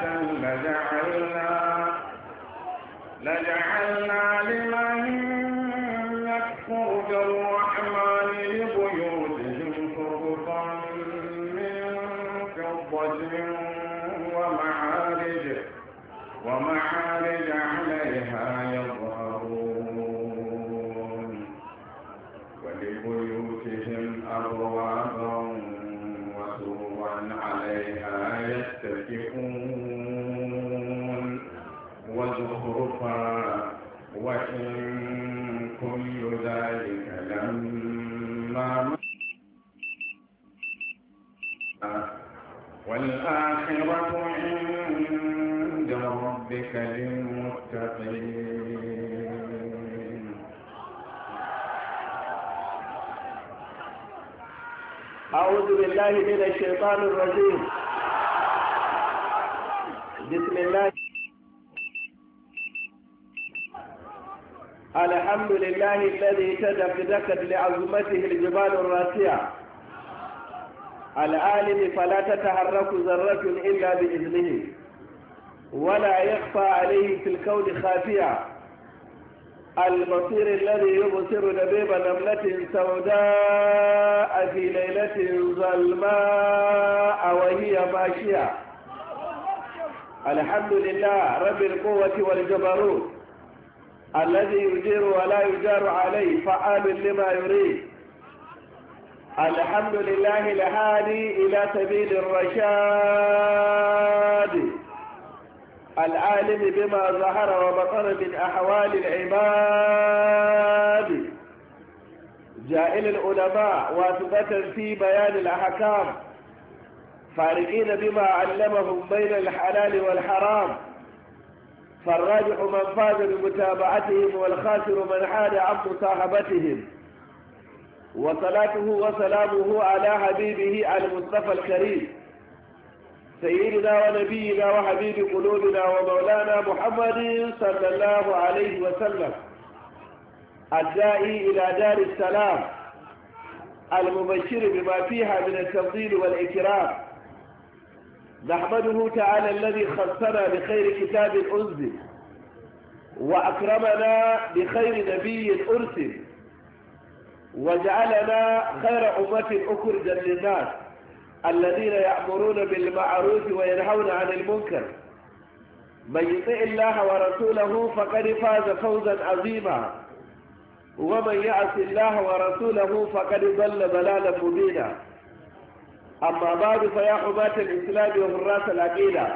لجعلنا لجعلنا لمن بالله من الشيطان الرجيم بسم الله الحمد لله الذي تدكدكت لعظمته الجبال الراسية العالم فلا تتحرك ذرة إلا بإذنه ولا يخفى عليه في الكون خافية المصير الذي يبصر لبيب نملة سوداء في ليلة ظلماء وهي ماشية الحمد لله رب القوة والجبروت الذي يجير ولا يجار عليه فعال لما يريد الحمد لله الهادي إلى سبيل الرشاد العالم بما ظهر وبطن من أحوال العباد جائل العلماء واثبة في بيان الأحكام فارقين بما علمهم بين الحلال والحرام فالراجح من فاز بمتابعتهم والخاسر من حاد عن مصاحبتهم وصلاته وسلامه على حبيبه المصطفى الكريم سيدنا ونبينا وحبيب قلوبنا ومولانا محمد صلى الله عليه وسلم الداعي إلى دار السلام المبشر بما فيها من التفضيل والإكرام نحمده تعالى الذي خصنا بخير كتاب أنزل وأكرمنا بخير نبي أرسل وجعلنا خير أمة أخرجا للناس الذين يأمرون بالمعروف وينهون عن المنكر من يطع الله ورسوله فقد فاز فوزا عظيما ومن يعص الله ورسوله فقد ضل ضلالا مبينا أما بعد فيا حماة الإسلام وحراس العقيدة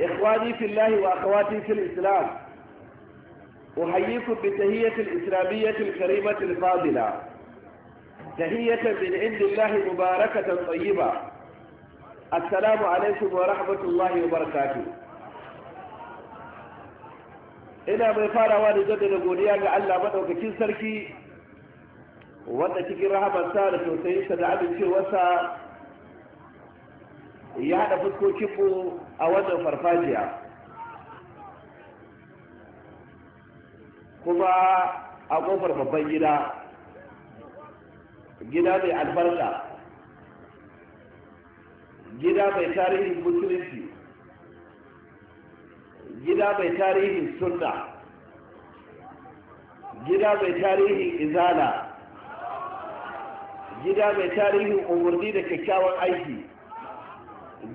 إخواني في الله وأخواتي في الإسلام أحييكم بالتهية الإسلامية الكريمة الفاضلة تحية من عند الله مباركة طيبة السلام عليكم ورحمة الله وبركاته ina mai farawa da jaddada godiya ga Allah madaukakin sarki wanda cikin rahamarsa da tausayinsa da amincewarsa ya haɗa fuskokinmu a wannan farfajiya kuma a ƙofar babban gida gida mai albarka gida mai tarihin musulunci gida mai tarihin sunna gida mai tarihin izala gida mai tarihin umarni da kyakkyawan aiki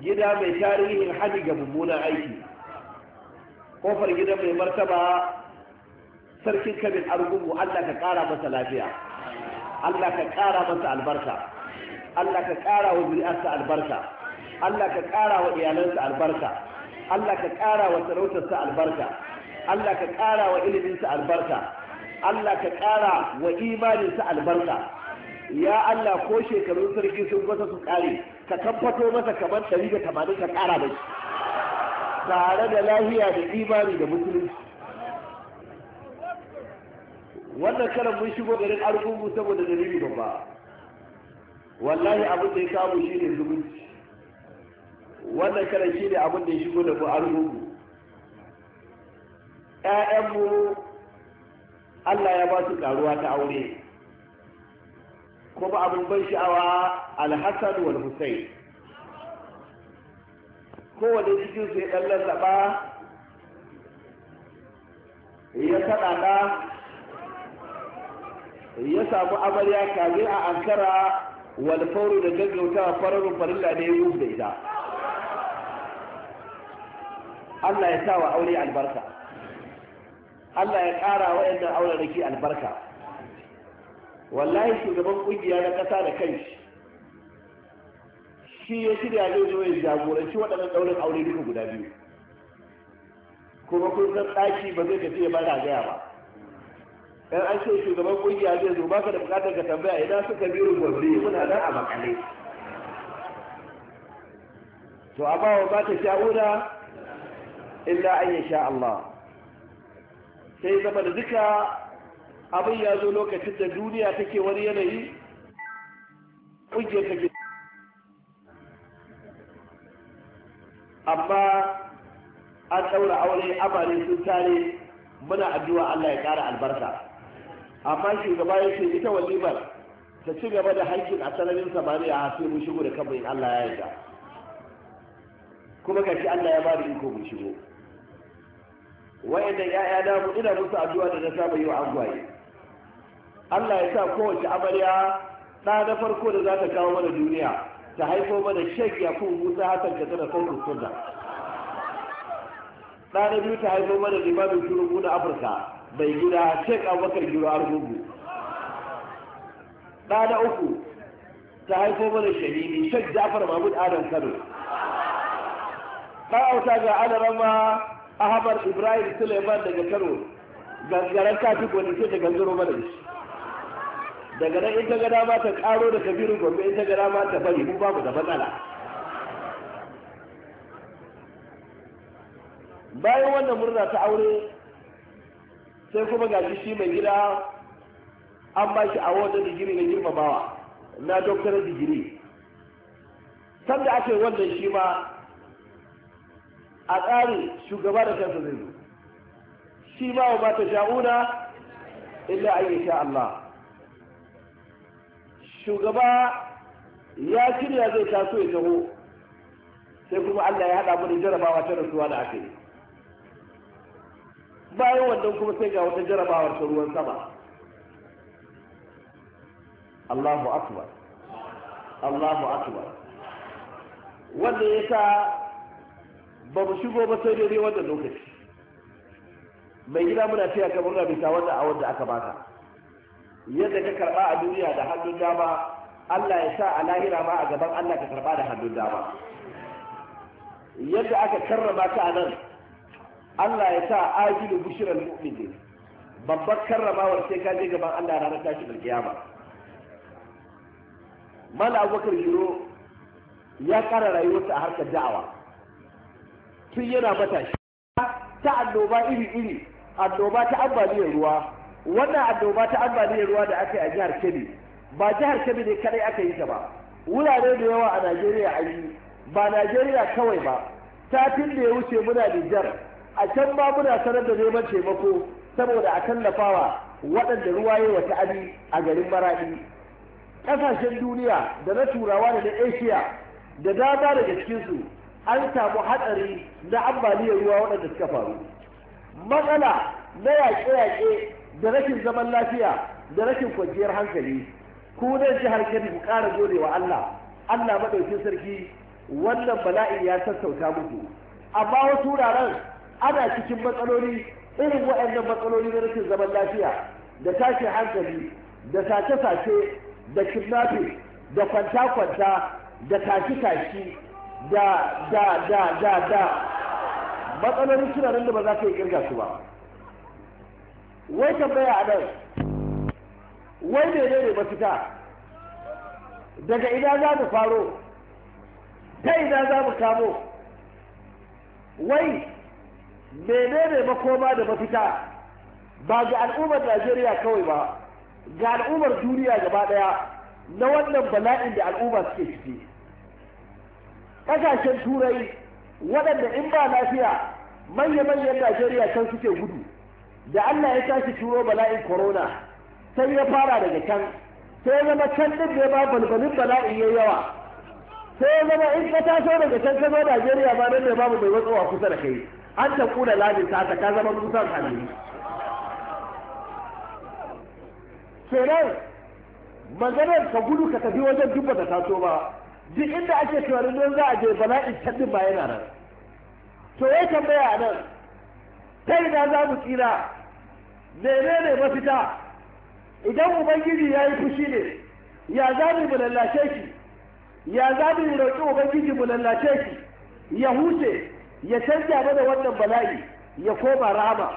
gida mai tarihin hali ga mummunan aiki kofar gida mai martaba sarkin kamin argungu allah ka ƙara masa lafiya Allah ka ƙara masa albarka Allah ka ƙara wa zuri'arsa albarka Allah ka ƙara wa iyalansa albarka Allah ka ƙara wa sarautarsa albarka Allah ka ƙara wa iliminsa albarka Allah ka ƙara wa imaninsa albarka ya Allah ko shekarun sarki sun gwasa su ƙare ka kamfato masa kamar ɗari da tamanin ka ƙara mai tare da lahiya da imani da musulunci wannan karan mun shigo garin argungu saboda dalili babba wallahi abin da ya kamu shi ne zumunci wannan karan shi ne abin da ya shigo da mu argungu ƴaƴanmu Allah ya ba su ƙaruwa ta aure kuma abin ban sha'awa alhassan wal Hussein. kowane cikin su ya ɗan lallaɓa ya kaɗaɗa ya samu amarya kare a ankara wal fauru da gaggauta fararun farilla ne yi da ita Allah ya sa wa aure albarka Allah ya ƙara wa'annan auren ke albarka wallahi shugaban ƙungiya na kasa da kai shi ya shirya zai zo ya jagoranci waɗannan ɗaurin aure duka guda biyu kuma kun san ɗaki ba zai tafi ya ba gaya ba dan an ce shugaban ƙungiya zai zo ba ka da bukatar ka tambaya idan suka biyu gobe muna nan a makale to amma wa ba ta sha'ura illa an yi sha Allah sai zama da duka abin ya zo lokacin da duniya take wani yanayi kungiyar take amma an ɗaura aure amare sun tare muna addu'a Allah ya ƙara albarka amma shugaba ya ce ita walimar ta ci gaba da haƙƙin a sanarin samariya a sai mun shigo da kanmu in Allah ya yarda kuma kashi Allah ya bada iko mun shigo wayannan ya'ya da mu ina musu addu'a da na saba yi wa angwaye Allah ya sa kowace amarya ɗa na farko da za ta kawo mana duniya ta haifo mana shek yakub musa hasan ka tana kawo sunna ɗa na biyu ta haifo mana limamin turu na afirka bai gida sheik abubakar giro argungu ɗa na uku ta haifo mana shahidi sheik jafar mahmud adam kano ɗan auta ga alarama ahmad ibrahim suleiman daga kano gangaren kafin gwani sai da gangaro mana shi daga nan ita ga dama ta karo da kabiru gombe ita ga dama ta bari mun babu da matsala bayan wannan murna ta aure sai kuma ga shi mai gida an ba shi a wata digiri na girmamawa na doktorar digiri sanda ake wannan shi ma a tsari shugaba da kansa zai zo shi ma wa mata sha'una illa an yi sha Allah shugaba ya shirya zai taso ya taho sai kuma Allah ya haɗa mu da jarabawa ta rasuwa da aka yi bayan wannan kuma sai ga wata jarabawar ta ruwan sama Allahu akbar Allahu akbar wanda ya sa ba mu shigo ba sai dai wannan lokaci mai gida muna fiya kamar na bisa wannan a wanda aka baka yadda ka karba a duniya da hannun dama Allah ya sa a lahira ma a gaban Allah ka karba da hannun dama yadda aka karrama ka a nan Allah ya sa ajilu bishirar mu'minin babbar karramawar sai ka je gaban Allah ranar tashi da kiyama mala abubakar yiro ya kara rayuwarsa a harkar da'awa tun yana matashi ta annoba iri-iri annoba ta ambaliyar ruwa wannan annoba ta ambaliyar ruwa da aka yi a jihar kebbi ba jihar kebbi ne kadai aka yi ta ba wurare da yawa a najeriya an yi ba najeriya kawai ba satin da ya wuce muna nijar a can ba muna sanar da neman taimako saboda a tallafawa waɗanda ruwa ya wata ali a garin maraɗi ƙasashen duniya da na turawa da na asia da dama daga cikinsu an samu hatsari na ambaliyar ruwa waɗanda suka faru matsala na yaƙe-yaƙe da rashin zaman lafiya da rashin kwanciyar hankali ku zai jihar harkar ku ƙara gode wa allah allah maɗaukin sarki wannan bala'in ya sassauta muku amma wasu wuraren ana cikin matsaloli irin waɗannan matsaloli na rashin zaman lafiya da tashin hankali da sace-sace da kidnapping da kwanta-kwanta da tashi-tashi da da da da da matsalolin suna nan da ba za ka yi kirga su ba wai tambaya a nan wai ne ne mafita daga ina za mu faro ta ina za mu kamo wai menene makoma da mafita ba ga al'ummar Najeriya kawai ba ga al'ummar duniya gaba daya na wannan bala'in da al'umma suke ciki Ƙasashen turai waɗanda in ba lafiya manya-manyan Najeriya can suke gudu da Allah ya tashi turo bala'in corona sai ya fara daga can sai zama can ɗin da ba balbalin bala'in ya yawa sai zama in ka taso daga can ka zo Najeriya ba nan ne babu mai watsowa kusa da kai an ta kula labisa ta ka zama musan halin kenan maganar ka gudu ka tafi wajen dubba ta taso ba duk inda ake tunanin don za a je in can ba yana nan to ya tambaya a nan ta ina za mu tsira ne mafita idan ubangiji ya yi fushi ne ya za mu lallace shi ya za mu roƙi ubangiji mu lalace shi ya huce ya canja mana wannan bala'i ya koma rahama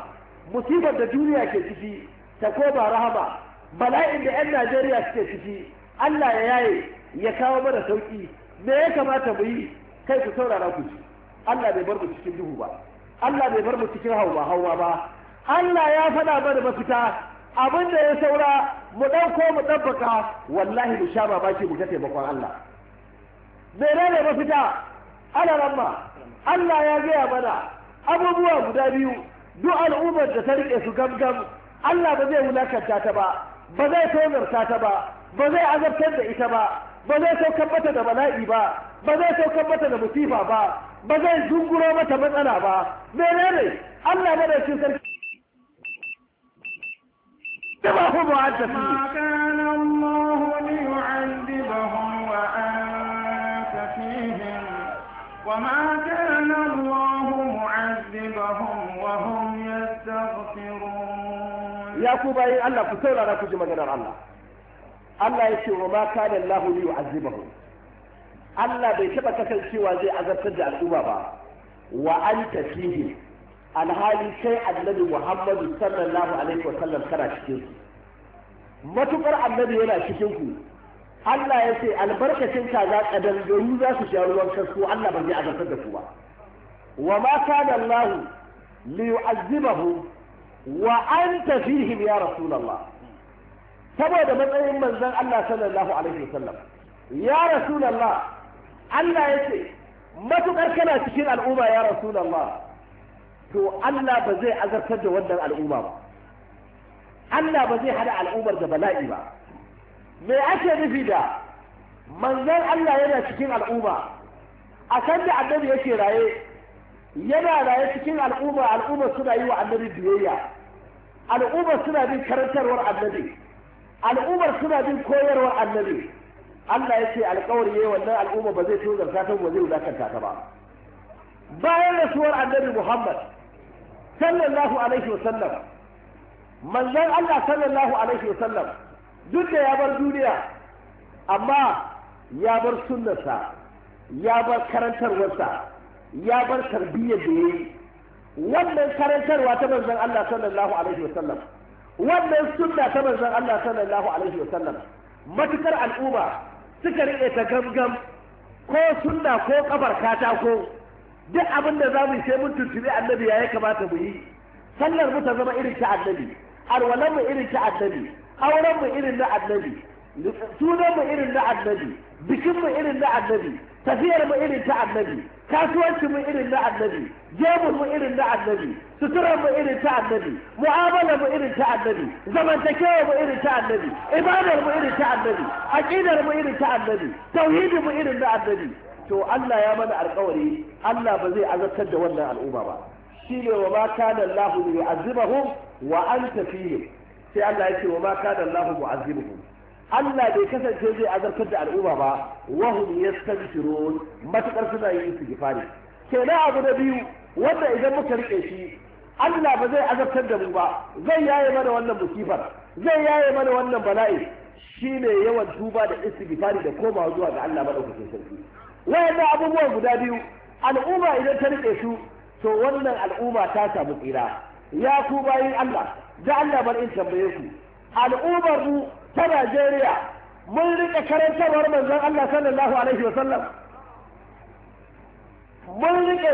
musibar da duniya ke ciki ta koma rahama bala'in da 'yan najeriya suke ciki allah ya yaye ya kawo mana sauki me ya kamata mu yi kai ku saurara ku ji allah bai bar mu cikin duhu ba allah bai bar mu cikin hauwa hauwa ba allah ya faɗa mana mafita abin da ya saura mu ɗauko mu ɗabbaka wallahi mu sha mamaki mu ta taimakon allah menene mafita ana ramma Allah ya gaya mana abubuwa guda biyu duk al'ummar da ta rike su gamgam Allah ba zai wulakanta ta ba ba zai tozarta ta ba ba zai azabtar da ita ba ba zai saukar mata da bala'i ba ba zai saukar mata da musifa ba ba zai zunguro mata matsala ba menene Allah madaukin sarki da ba ku mu'addasi ku bayin Allah ku saurara ku ji maganar Allah Allah ya ce wa ma kana Allah li yu'azibahu Allah bai taba kasancewa zai azabtar da al'umma ba wa anta fihi alhali sai annabi Muhammadu sallallahu alaihi wa sallam kana cikin su matuƙar annabi yana cikin ku Allah ya ce albarkacin kaza kadangaru za su sha ruwan kasko Allah ba zai azabtar da ku ba wa ma da Allah li yu'azibahu wa an fihim ya rasulallah saboda matsayin manzon Allah sallallahu alaihi wasallam ya rasulullah Allah yace matukar kana cikin al'umma ya rasulallah to Allah ba zai azartar da wannan al'umma ba Allah ba zai hada al'ummar da bala'i ba me ake nufi da manzon Allah yana cikin al'umma a kan da annabi yake raye yana raye cikin al'umma al'umma suna yi wa annabi biyayya al'ummar suna bin karantarwar annabi al'ummar suna bin koyarwar annabi Allah ya ce alƙawari yayi wannan al'umma ba zai tozarta ta ba zai wulakanta ta ba bayan rasuwar annabi Muhammad sallallahu alaihi wasallam manzon Allah sallallahu alaihi wasallam duk da ya bar duniya amma ya bar sunnarsa ya bar karantarwarsa ya bar tarbiyyar da ya yi wannan karantarwa ta manzon Allah sallallahu alaihi sallam wannan sunna ta manzon Allah sallallahu alaihi sallam matukar al'umma suka rike ta gamgam ko sunna ko ƙafar katako duk abin da za mu yi sai mun tuntubi annabi ya kamata mu yi sallar mu ta zama irin ta annabi alwalan mu irin ta annabi auren mu irin na annabi sunan mu irin na annabi bikin mu irin na annabi tafiyar mu irin ta annabi kasuwanci mu irin na annabi jemun mu irin na annabi suturar mu irin ta annabi mu'amala mu irin ta annabi zamantakewa mu irin ta annabi ibadar mu irin ta annabi aqidar mu irin ta annabi tauhidin mu irin na annabi to Allah ya mana alƙawari Allah ba zai azabtar da wannan al'umma ba shine wa ma kana Allah yu'azibuhum wa anta fihim sai Allah ya ce wa ma kana Allah mu'azibuhum Allah bai kasance zai azartar da al'umma ba wahum yastaghfirun matakar suna yin istighfari kenan abu na biyu wanda idan muka rike shi Allah ba zai azabtar da mu ba zai yaye mana wannan musibar zai yaye mana wannan bala'i shine yawan tuba da istighfari da komawa zuwa ga Allah madaukakin sarki wayannan abubuwan guda biyu al'umma idan ta rike su to wannan al'umma ta samu tsira ya ku bayin Allah da Allah bar in tambaye ku al'ummar mu ta Najeriya mun rika karantarwar manzon Allah sallallahu alaihi wa sallam mun riƙe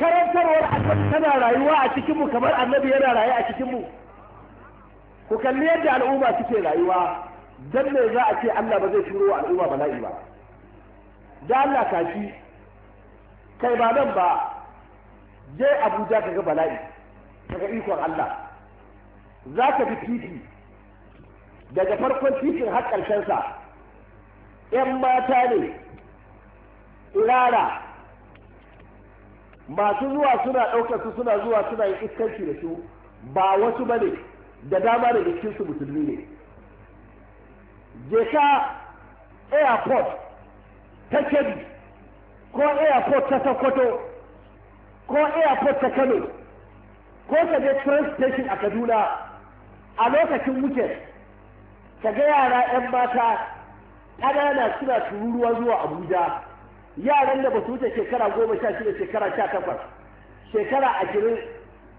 karantarwar annabi tana rayuwa a cikin kamar annabi yana raye a cikin mu ku kalli yadda al'umma suke rayuwa dan me za a ce Allah ba zai turo al'umma bala'i ba da Allah kashi kai ba nan ba je Abuja kaga bala'i kaga ikon Allah za ka fi titi daga farkon titin har ƙarshensa ‘yan mata ne irara masu zuwa suna ɗaukar su suna zuwa suna yin iskanci da su ba wasu ba ne da dama da jikinsu musulmi ne je ka airport ta kebbi ko airport ta sokoto ko airport ta kano ko ta je train a kaduna a lokacin weekend ka ga yara 'yan mata ƙanana suna tururuwa zuwa abuja yaran da ba su wuce shekara goma sha shida shekara sha takwas shekara ashirin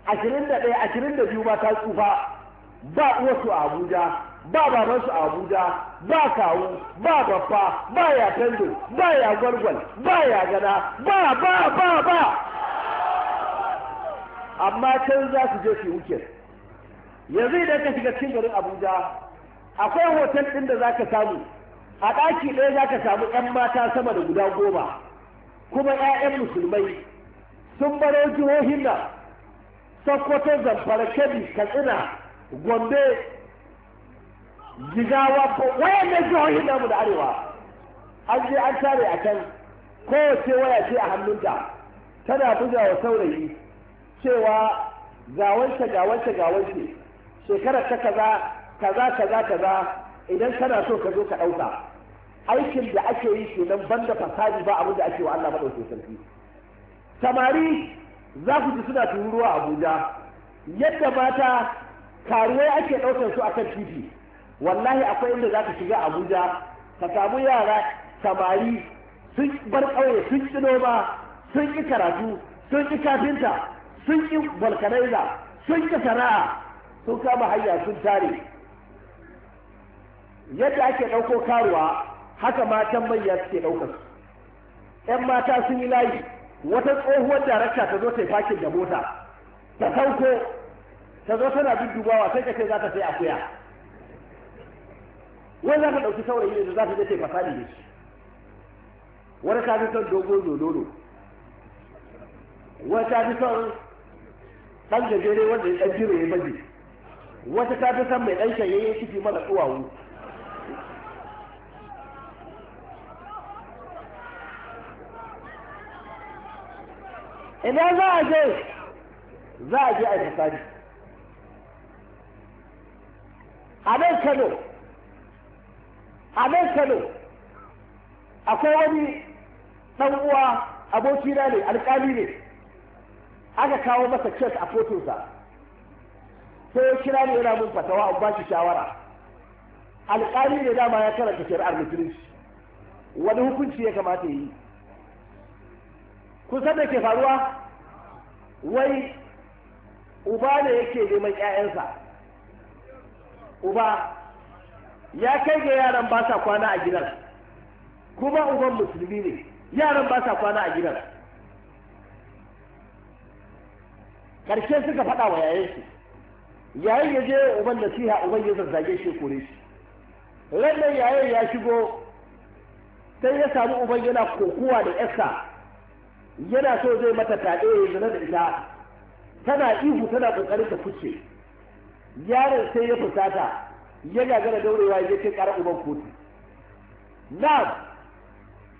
ashirin da ɗaya ashirin da biyu mata tsufa ba wasu a abuja ba babansu a abuja ba kawu ba babba ba ya tando ba ya gwargwal ba ya gana ba ba ba ba amma can za su je su yi yanzu idan ka shiga cikin garin abuja akwai hotel ɗin da za ka samu a ɗaki ɗaya za ka samu 'yan mata sama da guda goma kuma 'ya'yan musulmai sun baro jihohin nan sokoto zamfara kebbi katsina gombe jigawa wayannan jihohin namu da arewa an je an tare a can kowace waya ce a hannunta tana buga wa saurayi cewa ga wance ga wance ga wance shekarar ta kaza kaza kaza kaza idan kana so ka zo ka ɗauka aikin da ake yi kenan banda fasadi ba abin da ake wa Allah madaukakin sarki samari za ku ji suna tururuwa Abuja yadda mata karuwai ake ɗaukar su kan titi wallahi akwai inda za ka shiga Abuja ka samu yara samari sun bar ƙauye sun ƙi noma sun ƙi karatu sun ƙi kafinta sun ƙi balkanaiza sun ƙi sana'a sun kama hanya sun tare yadda ake ɗauko karuwa haka matan manya suke ɗaukar su ‘yan mata sun yi layi wata tsohuwar darakta ta zo ta yi fakin da mota ta sauko ta zo tana duddubawa sai ka ce za ta sai akuya wani za ka ɗauki saurayi ne za ta je ta yi fasali ne wani ta fi son dogon lololo wani ta fi son ɗan gajere wanda ya ɗan jiro ya baje wata ta fi son mai ɗan shanyayyen ciki mana tsuwawu idan za a je za a je a yi a nan kano a nan kano akwai wani ɗan uwa abokina ne alƙali ne aka kawo masa cek a fotonsa sai ya kira ne yana mun fatawa an ba shawara alkali ne dama ya karanta shari'ar musulunci wani hukunci ya kamata yi san da ke faruwa wai uba ne yake neman 'ya'yansa uba ya kai ga yaran ba sa kwana a gidan kuma uban musulmi ne yaran ba sa kwana a gidan ƙarshe suka faɗa wa yayansu yayin ya je uban nasiha uban ya zazzage shi kore shi rannan yayin ya shigo sai ya samu uban yana kokowa da yarsa yana so zai mata fyaɗe ya zina da ita tana ihu tana ƙoƙari ta fice yaron sai ya fusata ya gagara daurewa ya ce ƙara uban kotu na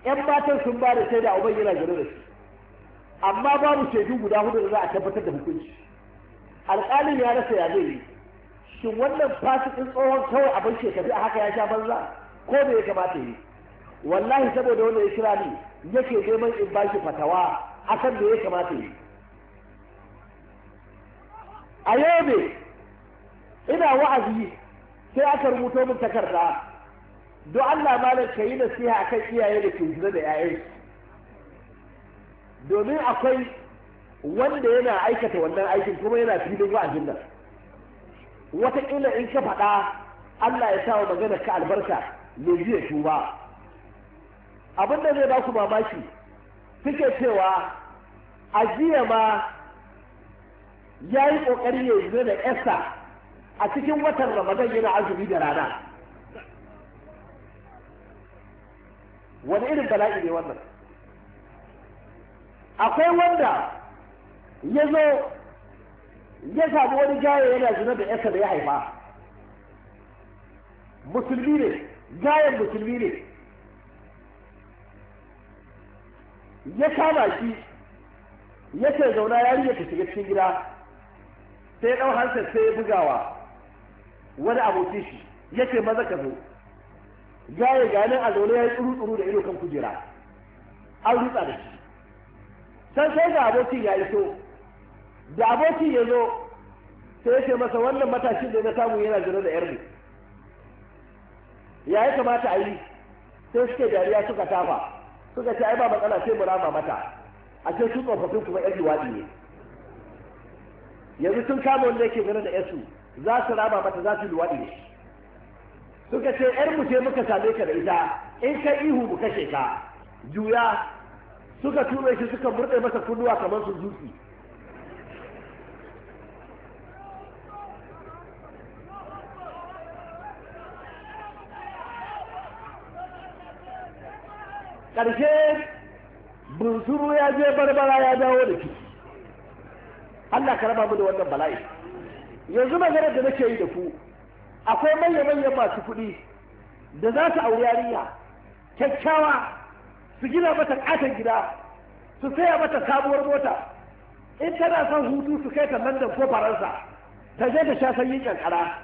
yan matan sun ba da shaida uban yana zina da shi amma babu shaidu guda hudu da za a tabbatar da hukunci alƙalin ya rasa ya zai yi shin wannan fasikin tsohon kawai abin shekaru a haka ya sha banza ko me ya kamata yi wallahi saboda wanda ya kira ni yake neman in ba shi fatawa akan da ya kamata yi a ne, ina wa'azi sai aka rubuto min takarda don Allah malar ka yi nasiha kan iyaye da ke zira da 'ya'yansu domin akwai wanda yana aikata wannan aikin kuma yana filin wa'azin nan wataƙila in ka faɗa Allah ya sa wa magana ka albarka mai ya tuba abin da zai ba su mamaki suke cewa a jiya ma ya yi ƙoƙari ya yi da esta a cikin watan ramadan yana azumi da rana wani irin bala'i ne wannan akwai wanda ya zo ya samu wani gaye yana zina da esta da ya haifa musulmi ne gayan musulmi ne ya kama shi ya ce zauna ya ta shiga cikin gida sai ɗau hansar sai ya bugawa wani abokin shi ya ce maza ka zo gaya ganin a zaune ya yi tsuru-tsuru da ido kan kujera an rutsa da shi san sai ga abokin ya iso da abokin ya zo sai ya ce masa wannan matashin da na samu yana zira da yarni ya yi kamata a yi sai suke dariya suka tafa suka ce ai ba matsala sai mu rama mata a ce su tsofaffin kuma yan liwaɗi ne yanzu sun kama wanda yake gane da yasu za su rama mata za su luwaɗi ne suka ce yar mu ce muka same ka da ita in kai ihu mu kashe ka juya suka tura shi suka murɗe masa kunnuwa kamar su jutsi ƙarshe bunsuru ya je barbara ya dawo da ki Allah ka raba mu da wannan bala'i yanzu maganar da nake yi da ku akwai manya-manyan masu kuɗi da za su auri yarinya kyakkyawa su gina mata katon gida su saya mata sabuwar mota in tana son hutu su kai ta Landan ko Faransa ta je ta sha sanyin kankara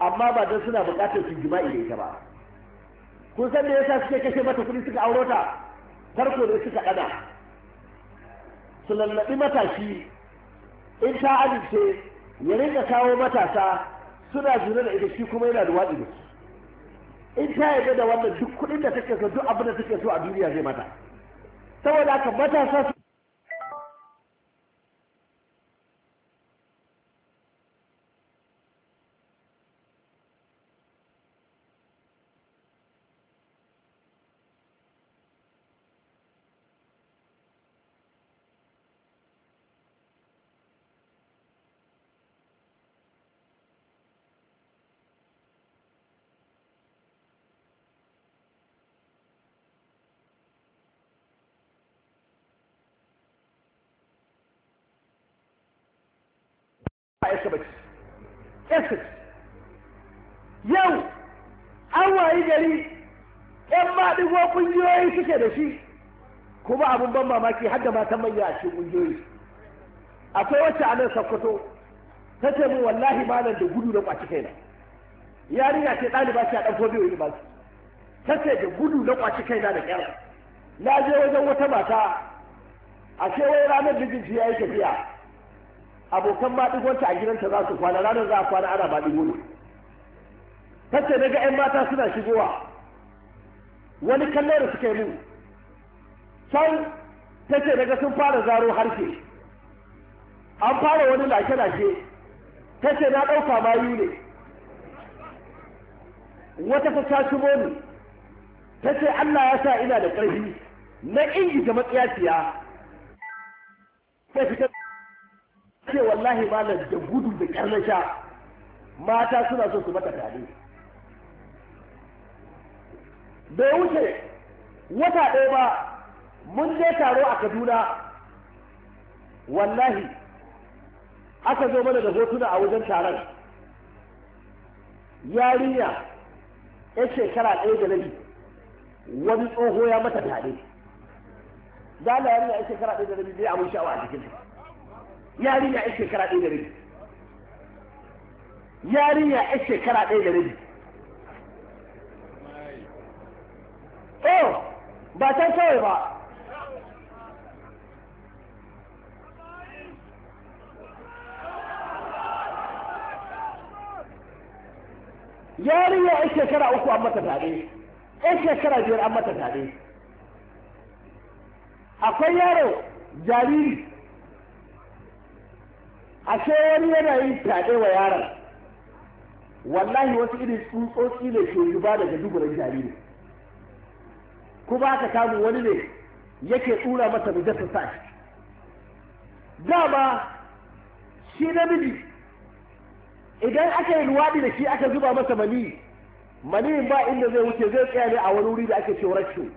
amma ba don suna bukatar su jima'i da ita ba kun san me yasa suke kashe mata kuɗi suka auro ta farko da suka ɗana su lallaɓi matashi in ta amince ya rinka kawo matasa suna jure da ita kuma yana da waɗi da su in ta yaga da wannan duk kuɗin da take so duk abin da take so a duniya zai mata saboda haka matasa su yarsa yau an wayi gari ƙungiyoyi suke da shi kuma abin mamaki har da matan manya a cikin ƙungiyoyi akwai wacce a nan ta ce min wallahi da gudu na ƙwaci kaina yarinya ce ɗaliba a ɗan ta ce gudu na ƙwaci kaina na je abokan maɗigonta a gidanta za su kwana ranar za a kwana ana maɗigo ne tace na ga 'yan mata suna shigowa wani kallo da suka yi mun can tace na ga sun fara zaro harshe an fara wani lake-lake tace na ɗauka mayu ne wata ta tashi ni tace Allah ya sa ina da ƙarfi na ingi matsiya-tsiya. sai fitar ce wallahi malam da gudu da karnasha mata suna so su mata tare bai wuce wata ɗaya ba mun je taro a kaduna wallahi aka zo mana da hotuna a wajen taron yarinya ya shekara ɗaya da nabi wani tsoho ya mata tare da yarinya ya shekara ɗaya da nabi zai abin sha'awa a jikinta yarinya ya shekara ɗaya da rabi yarinya ya shekara ɗaya da rabi oh ba ta kawai ba yarinya ya shekara uku an mata tare ya shekara biyar an mata tare akwai yaro jariri ashe wani yana yi fyaɗe wa yaran wallahi wasu irin tsutsotsi ne ke zuba daga duburan jariri kuma aka samu wani ne yake tsura masa jasa sa shi dama shi namiji idan aka yi luwaɗi da shi aka zuba masa mani mani ba inda zai wuce zai tsaya ne a wani wuri da ake ce rashin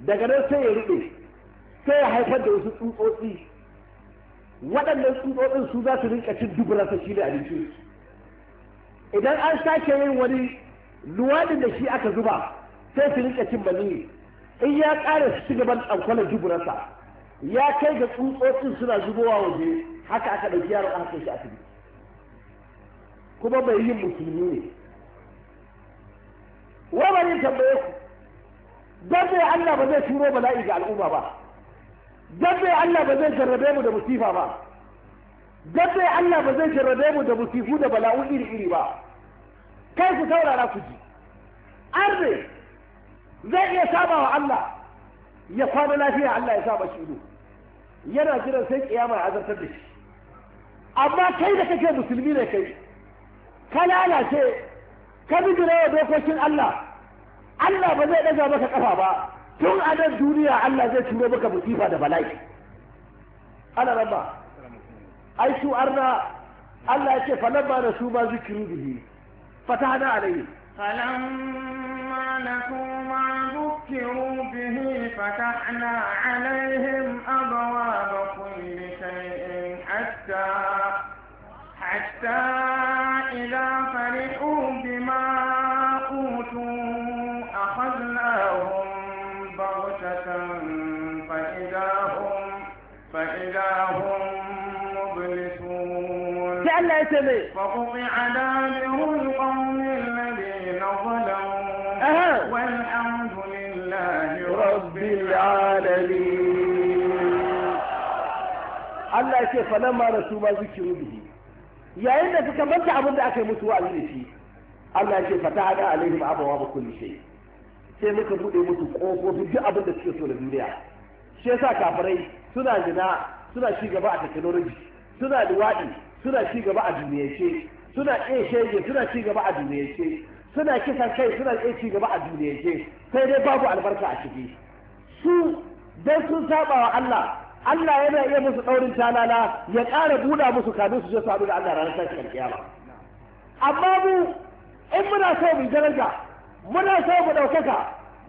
daga nan sai ya ruɗe sai ya haifar da wasu tsutsotsi waɗannan tsutsotsin su za su rinka cin duburarsa shi da abinci idan an sake yin wani luwaɗin da shi aka zuba sai su rinka cin maniyyi in ya ƙara su ci gaban ɗaukwalar duburarsa ya kai ga tsutsotsin suna zubowa waje haka aka ɗauki yaron aka kai shi asibiti kuma mai yin musulmi ne wai bari tambaye ku don me Allah ba zai turo bala'i ga al'umma ba dabbe Allah ba zai jarrabe mu da musifa ba dabbe Allah ba zai jarrabe mu da musifu da bala'u iri iri ba kai ku taurara ku ji arbe zai iya saba wa Allah ya kwana lafiya Allah ya saba shi ido yana jiran sai kiyama ya azartar da shi amma kai da kake musulmi ne kai ka lalace ka bijira wa dokokin Allah Allah ba zai daga maka kafa ba tun a nan duniya Allah zai turo maka musifa da bala'i ana rabba ai su arna Allah ya ce falamma na su ma zikiru bihi fatahna alayhi falamma na su ma ذكروا به فتحنا عليهم أبواب kulli shay'in hatta hatta ce mai faƙuɓi adamirul ƙaunin ladina zalamu walhamdulillahi rabbil alamin Allah ya ce falamma rasu ma zikiru bihi yayin da suka manta abin da aka yi musu wa'azi da shi Allah ya ce fata hada alaihim abawa ba kulli shay sai muka bude musu kofofin duk abin da suke so da duniya shi yasa kafirai suna jina suna ci gaba a technology suna da wadi. suna ci gaba a duniyance suna iya shege suna ci gaba a duniyance suna kisan kai suna iya ci gaba a duniyance sai dai babu albarka a ciki su dan sun saba wa Allah Allah yana iya musu daurin talala ya ƙara buɗa musu kafin su je su haɗu da Allah ranar tashin alƙiyama amma mu in muna so mu daraja muna so mu ɗaukaka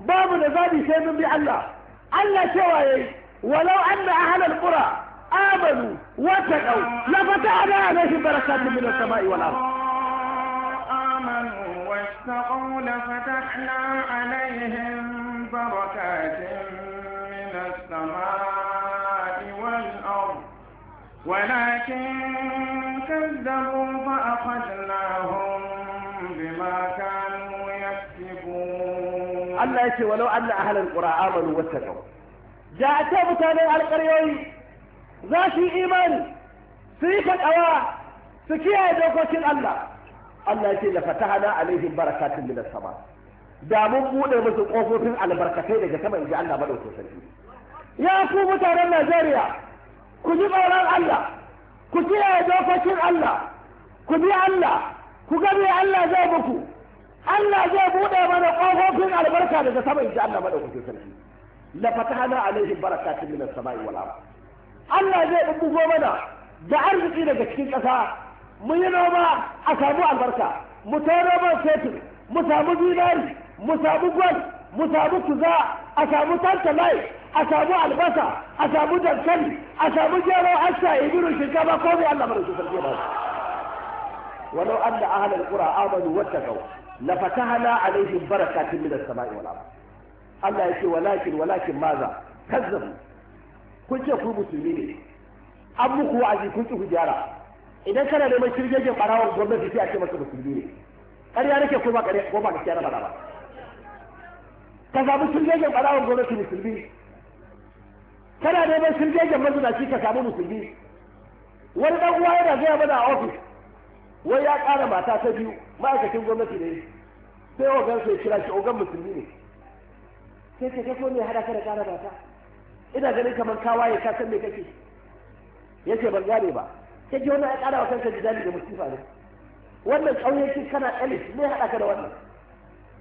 babu da zabi sai mun bi Allah Allah cewa yayi walau anna ahlal qura آمنوا واتقوا لفتحنا عليهم بركات من السماء والأرض واتقوا لفتحنا عليهم بركات من السماء والأرض ولكن كذبوا فأخذناهم بما كانوا يكسبون الله يسي ولو أن أهل القرى آمنوا واتقوا جاءت متاني على القرية za su yi imani su yi takawa su kiyaye dokokin Allah Allah ya ce da fatahana alaihim barakatun minas sama da mun bude musu ƙofofin albarkatai daga sama ji Allah madaukakin sarki ya ku mutanen Najeriya ku ji tsoron Allah ku kiyaye dokokin Allah ku bi Allah ku gani Allah zai muku Allah zai bude mana ƙofofin albarka daga sama ji Allah madaukakin sarki la fatahana alaihim barakatun minas sama'i wal ardh Allah zai bubbugo mana da arziki daga cikin ƙasa mu yi noma a samu albarka mu ta noma fetur mu samu zinari mu samu gwal mu samu kuza a samu tantalai a samu albasa a samu dankali a samu gero hasa ibiru shinkafa ko mai Allah mara shi sarki ba walau anna ahlal qura amanu wattaqu lafatahna alaihim barakatun minas sama'i wal ardh Allah yake walakin walakin maza kazzabu kun ce ku musulmi ne an muku wa'azi kun ci ku gyara idan kana neman shirgegen barawar gwamnati sai a ce masa musulmi ne ƙarya nake ko ba ƙarya ko ba gaskiya na ba ka samu shirgegen barawar gwamnati musulmi kana neman shirgegen mazinaci ka samu musulmi wani dan uwa yana gaya mana a ofis wai ya ƙara mata ta biyu ma'aikacin gwamnati ne sai ogan sai kira shi ogan musulmi ne sai ka ga ko ne hada ka da ƙara mata ina ganin kamar kawaye ka san me kake yace ban gane ba kaje wannan ya kara wa kanka jidali da musifa ne wannan kauyenci kana elif me hada ka da wannan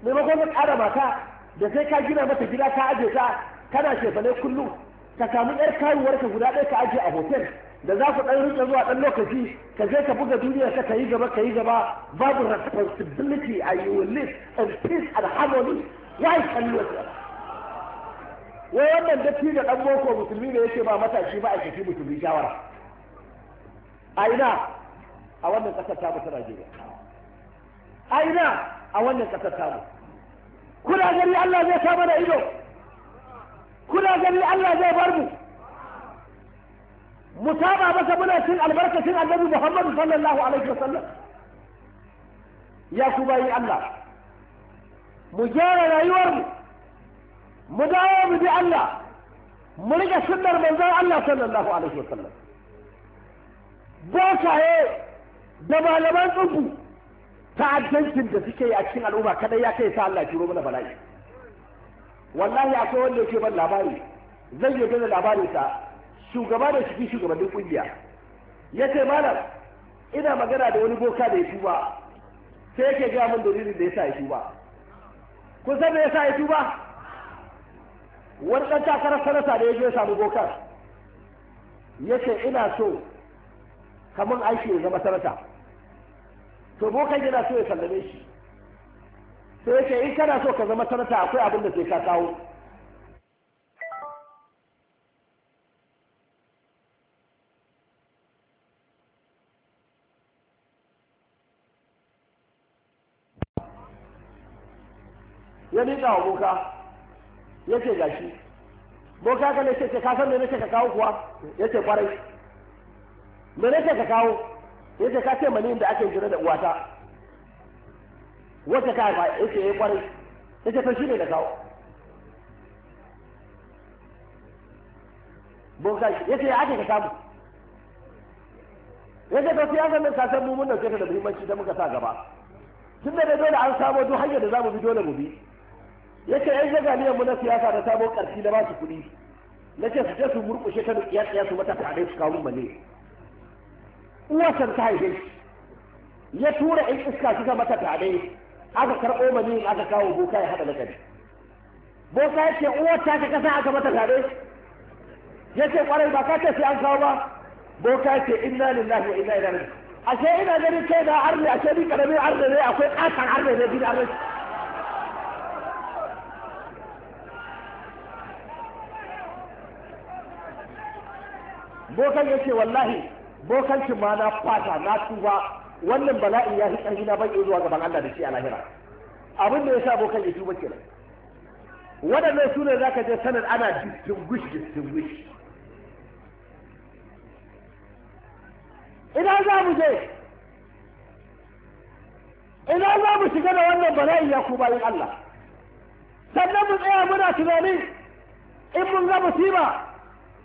maimakon ka ƙara mata da sai ka gina mata gida ka aje ta kana shefane kullum ka samu yar kayuwar ka guda ɗaya ka aje a hotel da za ku ɗan rika zuwa ɗan lokaci ka je ka buga duniya ka yi gaba ka yi gaba babu responsibility a you will live in peace and harmony why can you wai wannan datti da dan boko musulmi ne yake ba matashi ba a kifi musulmi shawara a ina a wannan kasar tamu ta Najeriya a ina a wannan kasar tamu kuna gari Allah zai samu da ido kuna gari Allah zai bar mu mu saba masa muna cin albarkacin annabi Muhammadu sallallahu alaihi wasallam ya ku bayi Allah mu gyara rayuwarmu mu dawo mu bi Allah mu rika sunnar manzon Allah sallallahu alaihi wasallam bokaye da malaman ta ta'addancin da suke yi a cikin al'umma kada ya kai sa Allah turo mana bala'i wallahi akwai wanda yake ban labari zan yi gane labarin sa shugaba da shi shugabannin kungiya yace malam ina magana da wani boka da ya tuba sai yake ga mun dalilin da yasa ya tuba kun san me yasa ya tuba wani ɗan takarar sanata da ya je samu bokar ya ce ina so kamar aiki ya zama sanata to bokar yana so ya sallame shi sai ya ce in kana so ka zama sanata akwai abin da sai ka kawo ya nika wa boka yace gashi boka ka ne ce ka san me nake ka kawo kuwa yace kwarai me nake ka kawo yace ka ce mani da ake jira da uwata wata ka ba yace yayi eh, kwarai yace fa shi ne da kawo boka yace ya ake ka samu yace to siyasa nan ka san mu mun dauke ta da muhimmanci da muka sa gaba tun da dole an samo duk hanyar da zamu bi dole mu bi yace ai jagaliyar mu na siyasa da sabon karfi da ba su kuɗi nace su je su murƙushe ta da kiyar su mata tare su kawo male uwasan ta haife shi ya tura in iska suka mata tare aka karɓo mani aka kawo boka ya haɗa lakari boka ya ce uwar ta ka kasa aka mata tare ya ce ƙwarai ba ka ce sai an kawo ba boka ya ce inna lillahi wa inna ilaihi ashe ina ganin kai na arne ashe ni karamin arne ne akwai ƙaton arne ne bin arne bokan ya ce wallahi bokancin ma na fata na tuba wannan bala'in ya fi ƙarfi na baƙi zuwa gaban Allah da shi a lahira abin da ya sa bokan ya tuba kenan waɗannan su ne za ka je sanar ana distinguish distinguish ina za mu je ina za mu shiga da wannan bala'in ya ku bayin Allah sannan mu tsaya muna tunani in mun ga musiba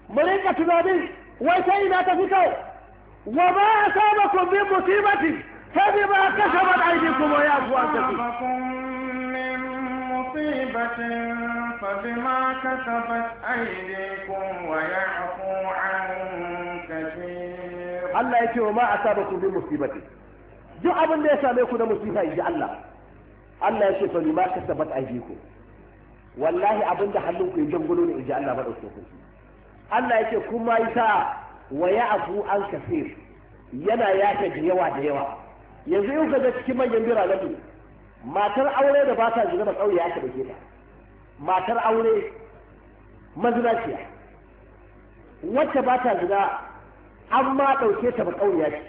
mu rinka tunani وكيف تفكوا وما أصابكم من مصيبة فبما كسبت أيديكم ويعفو عن كثير مصيبة فبما كسبت أيديكم ويعفو عن كثير الله يكي وما أصابكم من مصيبة جو الناس ليس أميكم مصيبة إذا الله الله يكي فبما كسبت أيديكم والله أبن دحلوكم يجنبلون إذا الله بدأ أصابكم Allah yake kuma yasa wa ya'fu an kasir yana ta da yawa da yawa yanzu in ka ga cikin manyan birane matar aure da ba ta jira da kauye aka dake ta matar aure mazinaciya wacce ba ta zina an ma ɗauke ta ba ƙauriya ce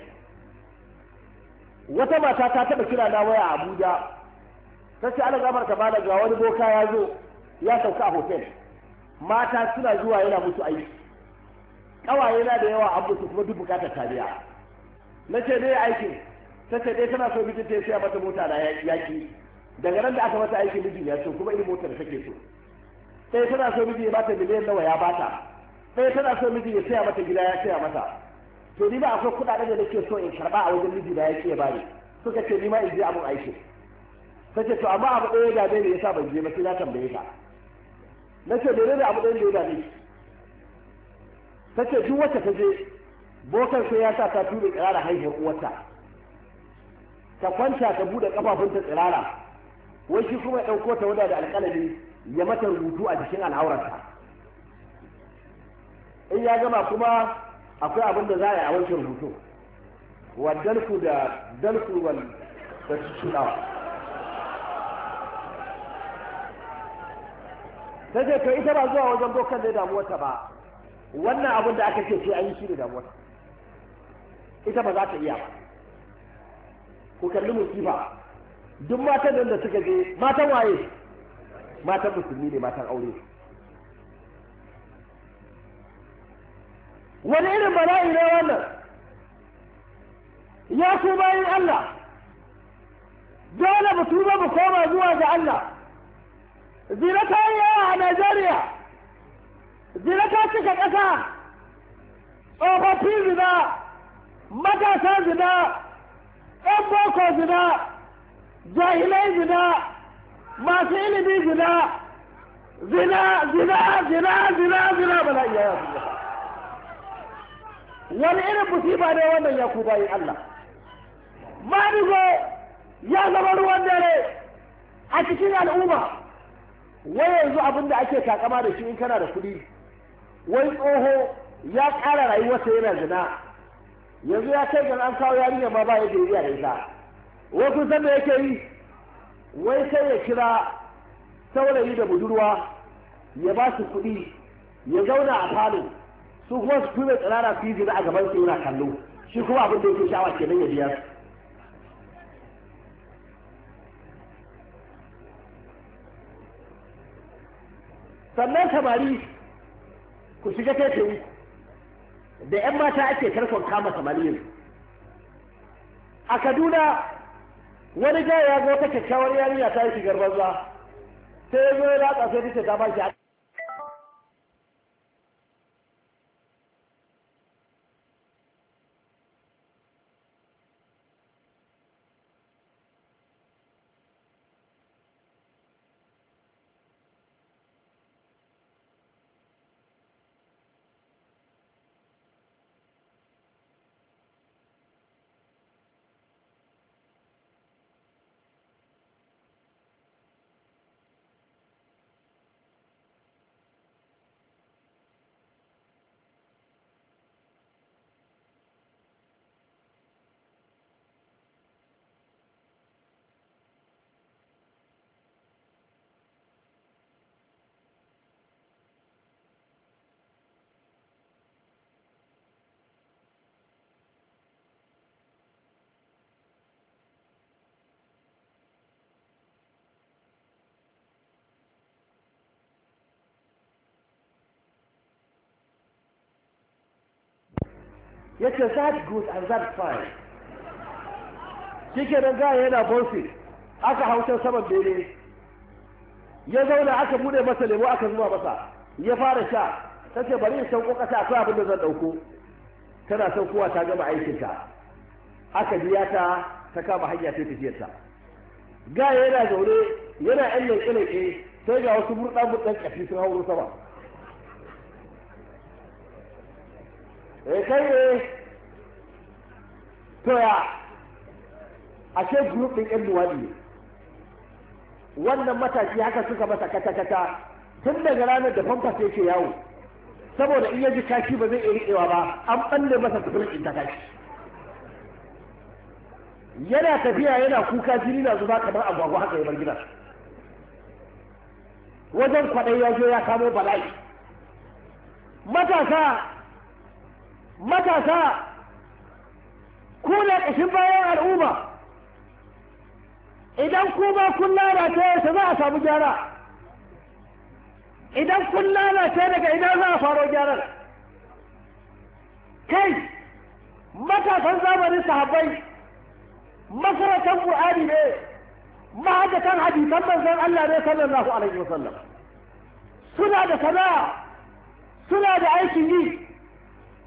wata mata ta taɓa kira na waya a abuja ta ce ana gamar ta bada ga wani boka ya zo ya sauka a hotel mata suna zuwa yana musu aiki ƙawaye na da yawa an su kuma duk bukatar tariya na ce dai aikin ta ce dai tana so mijin ta siya mata mota na yaki daga nan da aka mata aikin mijin ya ce kuma irin motar take so sai tana so mijin ya bata miliyan nawa ya bata sai tana so mijin ya saya mata gida ya saya mata to ni ba akwai kuɗaɗen da nake so in karba a wajen miji da ya ke bani suka ce ni ma in je abun aikin sai ce to amma abu ɗaya da ne yasa ban je ba sai na tambaye ka na ce mene ne abu ɗan da ya dame ta ce duk wacce ta je bokan sai ya sa ta tura tsirara haihuwar uwarta ta kwanta ta buɗe ƙafafun ta tsirara wai shi kuma ya ɗauko ta wada da alƙalami ya mata rubutu a jikin al'aurarta in ya gama kuma akwai abin da za a yi a wancan rubutu wa dalku da dalku wal da su sai ce to ita ba zuwa wajen bokan damuwar ta ba wannan abin da aka ce sai an yi shi damuwar damuwarta ita ba za ta iya ba ku kalli musifa duk matan nan da suka je matan waye matan musulmi ne matan aure wani irin bala'i ne wannan ya ku bayin Allah dole mu tuba mu koma zuwa ga Allah zina yi yawa a Najeriya, zina ta cika ƙasa, Tsofaffi zina, matasa zina, ‘yan boko zina, jahilai zina, masu ilimi zina, zina, zina, zina, zina, zina, zina, zina, Wani irin musiba ne wannan ya ku bayi Allah. ma ya zama ruwan dare a cikin al'umma. wai yanzu abin da ake takama da shi in kana da kuɗi wai tsoho ya ƙara rayuwarsa yana zina yanzu ya kai gan an kawo yarinya ma ba ya da iya da ita wai kun san me yake yi wai sai ya kira saurayi da budurwa ya ba su kuɗi ya zauna a falo su kuma su tume tsirara su yi zina a gaban su yana kallo shi kuma abin da yake sha'awa kenan ya biya sannan samari ku shiga teku da 'yan mata ake karfon kama samari yanzu a kaduna wani gaya ya ga wata kyakkyawar yarinya ta yi shigar banza sai ya zo ya latsa sai ta ba shi ya ce that good and that fine shi ke nan gaya yana bonsi aka hautar saman bene ya zauna aka bude masa lemo aka zuba masa ya fara sha ta ce bari in sauko kasa akwai abin da zan ɗauko tana saukowa ta gama aikinta aka biya ta ta kama hanya ta tafiyarta gaya yana zaune yana yan yankin sai ga wasu murɗa-murɗan ƙafi sun hauro sama Eh, kai ne to ya yan luwadi wannan matashi haka suka masa kata-kata tun daga ranar da famfa sai ke yawo saboda in ya ji kashi ba zai iya riɗewa ba an ɓalle masa tufurin ta kashi yana tafiya yana kuka jini na zuba kamar agwagwa haka ya bar gida wajen kwaɗai ya zo ya kamo bala'i matasa matasa ku da ƙashin bayan al'umma idan ku ba kun lalace su za a samu gyara idan kun lalace daga idan za a faro gyaran kai matasan zamanin sahabbai masarautar ƙur'ani ne mahajjatan hadisan manzon Allah ne sallallahu alaihi wasallam suna da sana'a suna da aikin yi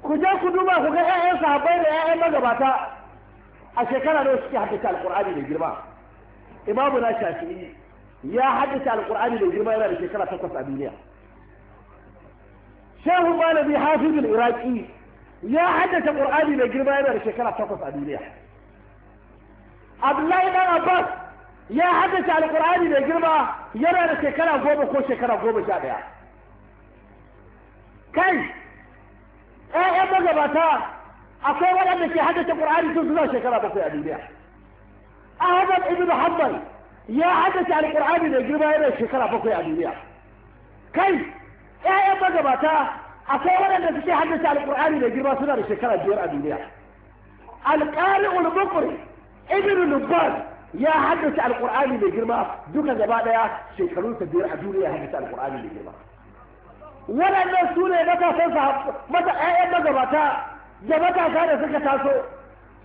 ku je ku duba ku ga 'ya'yan sahabbai da 'ya'yan magabata a shekara da suke haddace alkur'ani da girma imamu na shafi'i ya haddace alkur'ani da girma yana da shekara takwas a duniya shehu malami hafizul iraki ya haddace qur'ani da girma yana da shekara takwas a duniya abdullahi dan abbas ya haddace alkur'ani da girma yana da shekara goma ko shekara goma sha ɗaya kai ƴaƴan magabata akwai waɗanda ke haddace qur'ani tun suna shekara bakwai a duniya ahmad ibn hanbal ya haddace alqur'ani da girma yana shekara bakwai a duniya kai ƴaƴan magabata akwai waɗanda suke haddace alqur'ani da girma suna da shekara biyar a duniya alqari'ul muqri ibn lubban ya haddace alqur'ani da girma duka gaba daya shekarunsa biyar a duniya ya haddace alqur'ani da girma waɗannan su ne matasan mata ƴaƴan magabata da matasa da suka taso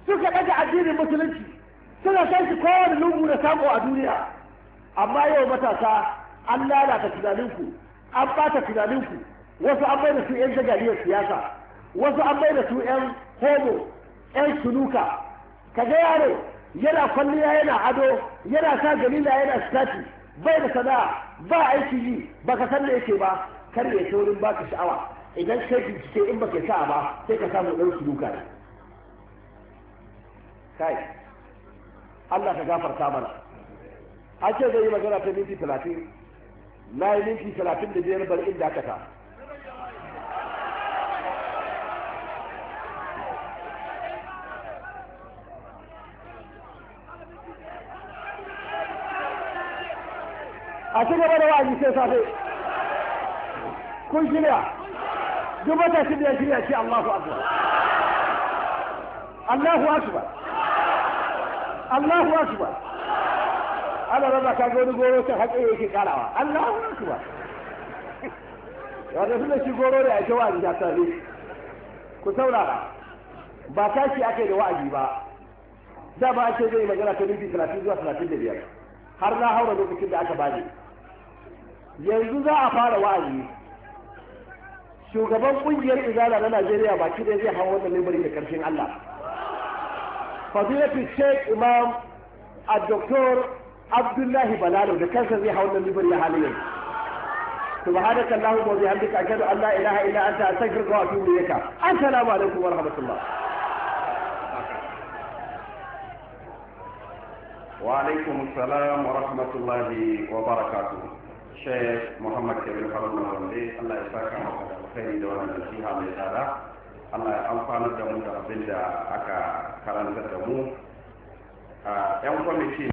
suka ɗaga addinin musulunci suka kai shi kowane lungu da sako a duniya amma yau matasa an lalata tunaninku an ɓata tunaninku wasu an bai da su 'yan jagaliyar siyasa wasu an bai da su 'yan homo 'yan sunuka ka ga yaro yana kwalliya yana ado yana sa galila yana sitati bai da sana'a ba aiki yi baka san da yake ba kar ya ba baka sha'awa idan kai ce in baka sa'a ba sai ka samu ɗan duka ne kai Allah ka gafarta mana a ce zai yi magana ta minti talatin na yi minti talatin da biyar bar inda aka ta a cikin gaba da wa'azi sai safe kun shirya duk wata shirya shirya ce Allahu akbar Allahu akbar Allahu akbar Allah raba ka gori goro ta haƙe yake karawa Allahu akbar wanda suna shi goro da ake wa'azi da tare ku saurara ba tashi ake da wa'azi ba da ba ake zai magana ta nufi talatin zuwa talatin da biyar har na haura lokacin da aka bani yanzu za a fara wa'azi shugaban kungiyar izala na Najeriya baki ɗaya zai hawa wannan mimbari da karshen Allah fadilatu Sheikh Imam doktor Abdullahi Balalo da kansa zai hawa wannan mimbari a halin yanzu subhanaka allahumma wa bihamdika ashhadu an la ilaha illa anta astaghfiruka wa atubu ilayka assalamu alaikum wa rahmatullah wa alaikum assalam wa rahmatullahi wa barakatuh Sheikh Muhammad Kabir Haruna Allah ya saka maka alkhairi da wannan nasiha mai tsada Allah ya amfanar da mu da abin da aka karanta da mu a 'yan kwamiti